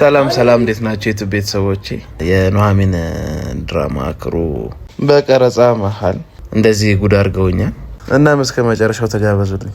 ሰላም ሰላም፣ እንዴት ናቸው የት ቤተሰቦች? የኑሐሚን ድራማ ክሩ በቀረጻ መሀል እንደዚህ ጉድ አድርገውኛል። እናም እስከ መጨረሻው ተጋበዙልኝ።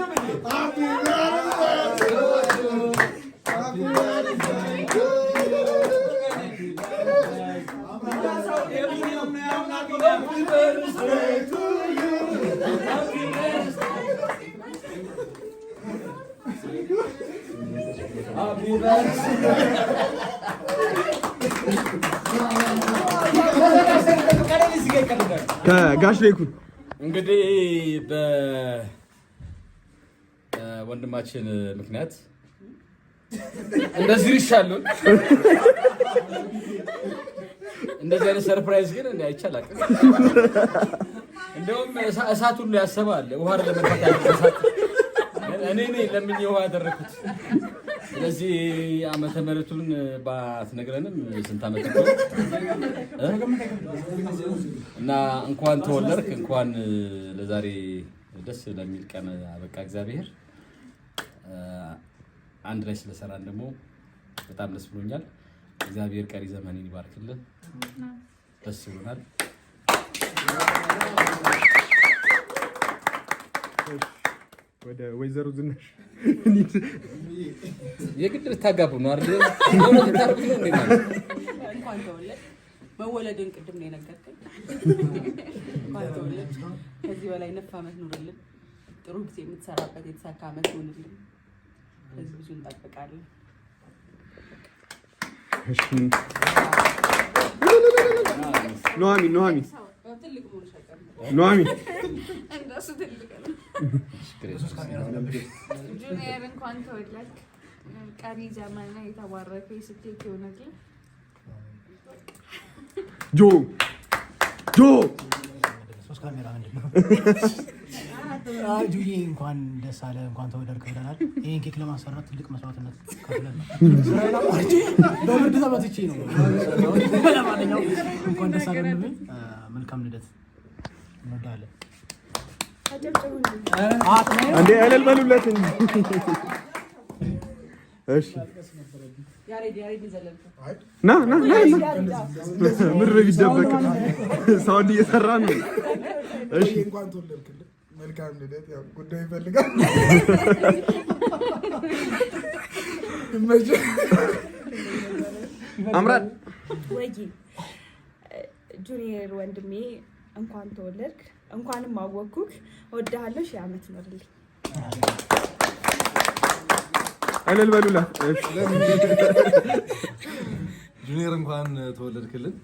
ከጋሽ ሌኩን እንግዲህ በወንድማችን ምክንያት እንደዚህ ይሻሉ። እንደዚህ አይነት ሰርፕራይዝ ግን እንደ አይቻልም። እንደውም እሳት ሁሉ ያሰባል ውሃ ለመጣት እኔ ለምኜ ውሃ ያደረኩት ለዚህ ዓመተ ምሕረቱን ባትነግረንም ስንት ዓመት እና እንኳን ተወለድክ፣ እንኳን ለዛሬ ደስ ለሚል ቀን አበቃ። እግዚአብሔር አንድ ላይ ስለሰራን ደግሞ በጣም ደስ ብሎኛል። እግዚአብሔር ቀሪ ዘመንን ይባርክልን። ደስ ብሎናል። ወደ ወይዘሮ ዝናሽ የግድ ልታጋቡ ነው አይደል? መወለድን ቅድም ነው የነገርከኝ። እንኳን ከዚህ በላይ ነፍ አመት ኑርልን። ጥሩ ጊዜ የምትሰራበት የተሳካ ዓመት ከዚህ ብዙ እንጠብቃለን። ጁኒየር እንኳን ተወለድክ። ቀሪ ዘመን የተባረከ ስኬት ይሆንልህ። ጆ ጆ ጁዬ እንኳን ደስ አለ እንኳን ተወደድክ ብለናል። ይህን ኬክ ለማሰራት ትልቅ መስዋዕትነት ከፍለን ተመትቼ ነው። ለማንኛውም እንኳን ደስ አለ። መልካም ልደት። እንወዳለን። እንዴ እልል በሉለት። እሺ ና ና ና ምድር ቢደበቅ ሳውንድ እየሰራ ነው። እሺ መልካም ልደት። ያው ጉዳይ ይፈልጋል። አምራል ወይዬ ጁኒየር ወንድሜ እንኳን ተወለድክ። እንኳንም አወኩክ። እወድሃለሁ። ሺህ ዓመት ኖርልኝ። እልል በሉላት። ጁኒየር እንኳን ተወለድክልን።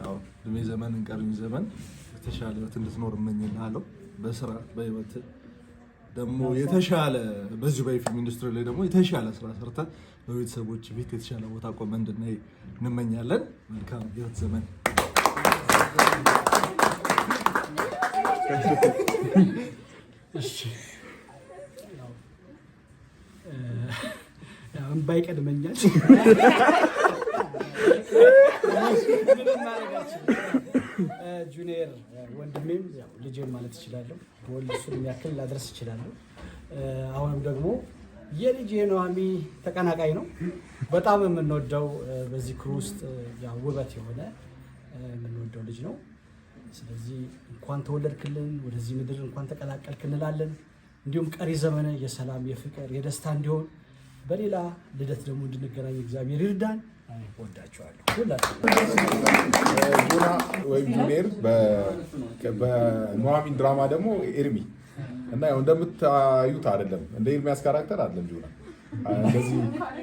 ያው እድሜ ዘመን እንቀርኝ ዘመን የተሻለ ህይወት እንድትኖር እመኝልሃለሁ። በስራ በህይወት ደግሞ የተሻለ በዚሁ በፊልም ኢንዱስትሪ ላይ ደግሞ የተሻለ ስራ ሰርተን በቤተሰቦች ቤት የተሻለ ቦታ ቆመን እንድናይ እንመኛለን። መልካም ህይወት ዘመን እምባ ይቀድመኛል። ጁኒየር ወንድሜም ልጄም ማለት እችላለሁ። ወልድ እሱን የሚያክል ላድረስ እችላለሁ። አሁንም ደግሞ የልጄ ኑሃሚ ተቀናቃኝ ነው። በጣም የምንወደው በዚህ ክሩ ውስጥ ውበት የሆነ የምንወደው ልጅ ነው። ስለዚህ እንኳን ተወለድክልን ወደዚህ ምድር እንኳን ተቀላቀልክ እንላለን። እንዲሁም ቀሪ ዘመነ የሰላም የፍቅር የደስታ እንዲሆን በሌላ ልደት ደግሞ እንድንገናኝ እግዚአብሔር ይርዳን። ወዳቸዋለሁ ሁላጁና ወይም ጁኔር በኑሐሚን ድራማ ደግሞ ኤርሚ እና ያው እንደምታዩት አይደለም እንደ ኤርሚያስ ካራክተር አይደለም ጁና እንደዚህ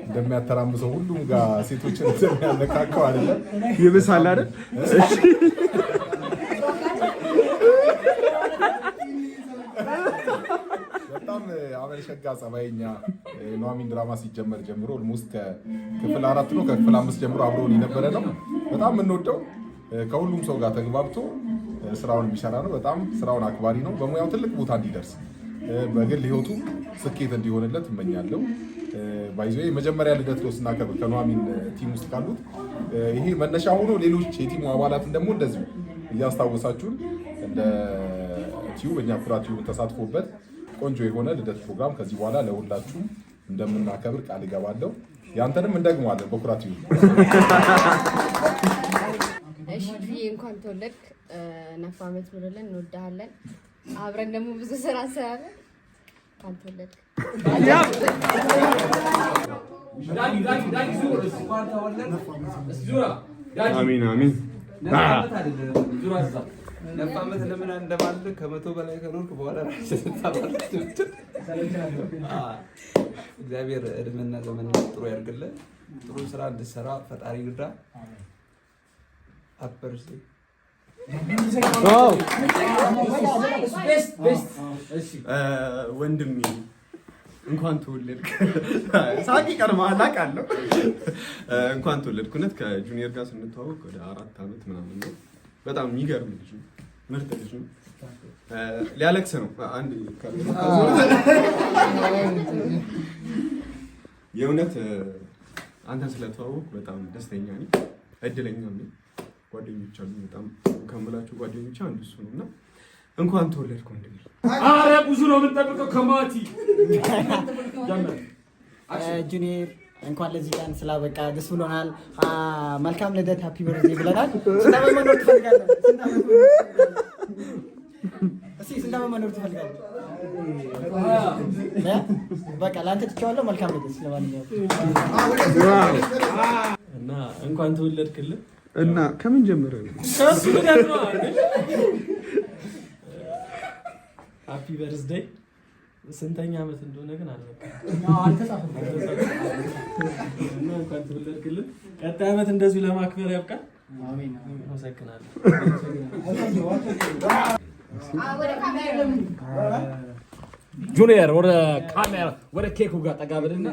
እንደሚያተራምሰው ሁሉም ጋር ሴቶችን እንደሚያነካከው አይደለም። ይብሳል አይደል? በጣም አበልሸጋ ጸባይኛ ኑሐሚን ድራማ ሲጀመር ጀምሮ ኦልሞስት ከክፍል አራት ነው ከክፍል አምስት ጀምሮ አብሮን የነበረ ነው። በጣም የምንወደው ከሁሉም ሰው ጋር ተግባብቶ ስራውን የሚሰራ ነው። በጣም ስራውን አክባሪ ነው። በሙያው ትልቅ ቦታ እንዲደርስ በግል ህይወቱ ስኬት እንዲሆንለት እመኛለሁ። ባይዞ የመጀመሪያ ልደት ነው ስናከብር ከኑሐሚን ቲም ውስጥ ካሉት ይሄ መነሻ ሆኖ ሌሎች የቲሙ አባላትን ደግሞ እንደዚሁ እያስታወሳችሁን እንደ ቲዩ እኛ ኩራ ቲዩብ ተሳትፎበት ቆንጆ የሆነ ልደት ፕሮግራም ከዚህ በኋላ ለሁላችሁም እንደምናከብር ቃል እገባለሁ። ያንተንም እንደግመዋለን በኩራ ቲዩብ። እሺ እንኳን ተወለድክ። ነፍ ዓመት ብሎለን እንወዳሃለን። አብረን ደግሞ ብዙ ስራ ሰራለን። አሜን አሜን። ነፍ ዓመት ለምን አንደማለ ከመቶ በላይ ከኖርክ በኋላ እግዚአብሔር እድሜና ዘመን ጥሩ ያድርግልህ። ጥሩ ስራ እንድሰራ ፈጣሪ ይርዳ። አበርሴ ወንድሜ እንኳን ተወለድክ። ሳቂ ቀርመሃል አውቃለሁ። እንኳን ተወለድክ። እውነት ከጁኒየር ጋር ስንተዋወቅ ወደ አራት ዓመት ምናምን ነው። በጣም የሚገርም ልጅ ነው። ምርጥ ልጅ ነው። ሊያለቅስ ነው። አንድ የእውነት አንተን ስለተዋወቅ በጣም ደስተኛ ነኝ። እድለኛ ነኝ። ጓደኞች አሉ። በጣም ከምላቸው ጓደኞች አንዱ እሱ ነው እና እንኳን ተወለድኩ ወንድሜ። አረ ብዙ ነው የምንጠብቀው ከማቲ ጁኒየር እንኳን ለዚህ ቀን ስላበቃ ደስ ብሎናል። መልካም ልደት፣ ሃፒ በርዜ ብለናል። ስንት ዓመት መኖር ትፈልጋለህ? እስኪ ስንት ዓመት መኖር ትፈልጋለህ? በቃ ለአንተ ትቼዋለሁ። መልካም ልደት። ስለማንኛውም እና እንኳን ተወለድክልን እና ከምን ጀምረህ ነው ሃፒ በርዝደይ ስንተኛ ዓመት እንደሆነ ግን አልተጻፈም። ትወለድክልን። ቀጣይ ዓመት እንደዚሁ ለማክበር ያብቃል። አመሰግናለሁ። ጁኒየር ወደ ካሜራ ወደ ኬኩ ጋር ጠጋ ብለን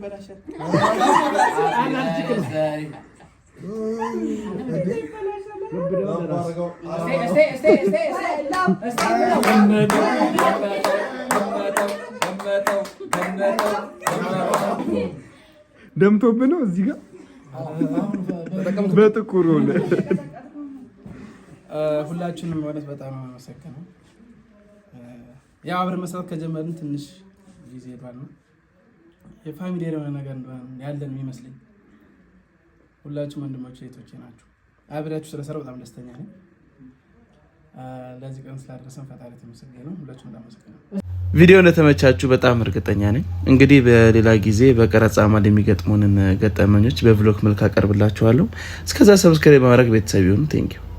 ይበላሻል። ነው እዚህ ጋር በጥቁሩ ሁላችንም ማለት በጣም አመሰግናለሁ። ያው አብረን መስራት ከጀመርን ትንሽ ጊዜ ነው የፋሚሊ የሆነ ነገር ያለን የሚመስለኝ። ሁላችሁም ወንድሞች እህቶቼ ናችሁ። አብሬያችሁ ስለሰራ በጣም ደስተኛ ነኝ። ለዚህ ቀን ስላደረሰን ፈጣሪ ተመሰገነ ነው። ሁላችሁም በጣም አመሰግናለሁ። ቪዲዮ እንደተመቻችሁ በጣም እርግጠኛ ነኝ። እንግዲህ በሌላ ጊዜ በቀረጻ ማል የሚገጥሙንን ገጠመኞች በቭሎግ መልክ አቀርብላችኋለሁ። እስከዛ ሰብስክራይብ በማድረግ ቤተሰብ ይሁኑ። ቴንኪው